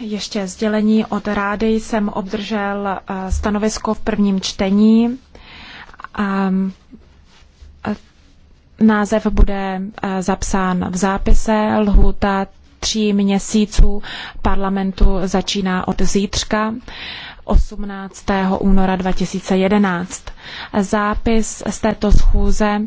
Ještě sdělení od rády jsem obdržel eh, stanovisko v prvním čtení. Ehm, eh, název bude eh, zapsán v zápise. Lhůta tří měsíců parlamentu začíná od zítřka. 18. února 2011. Zápis z této schůze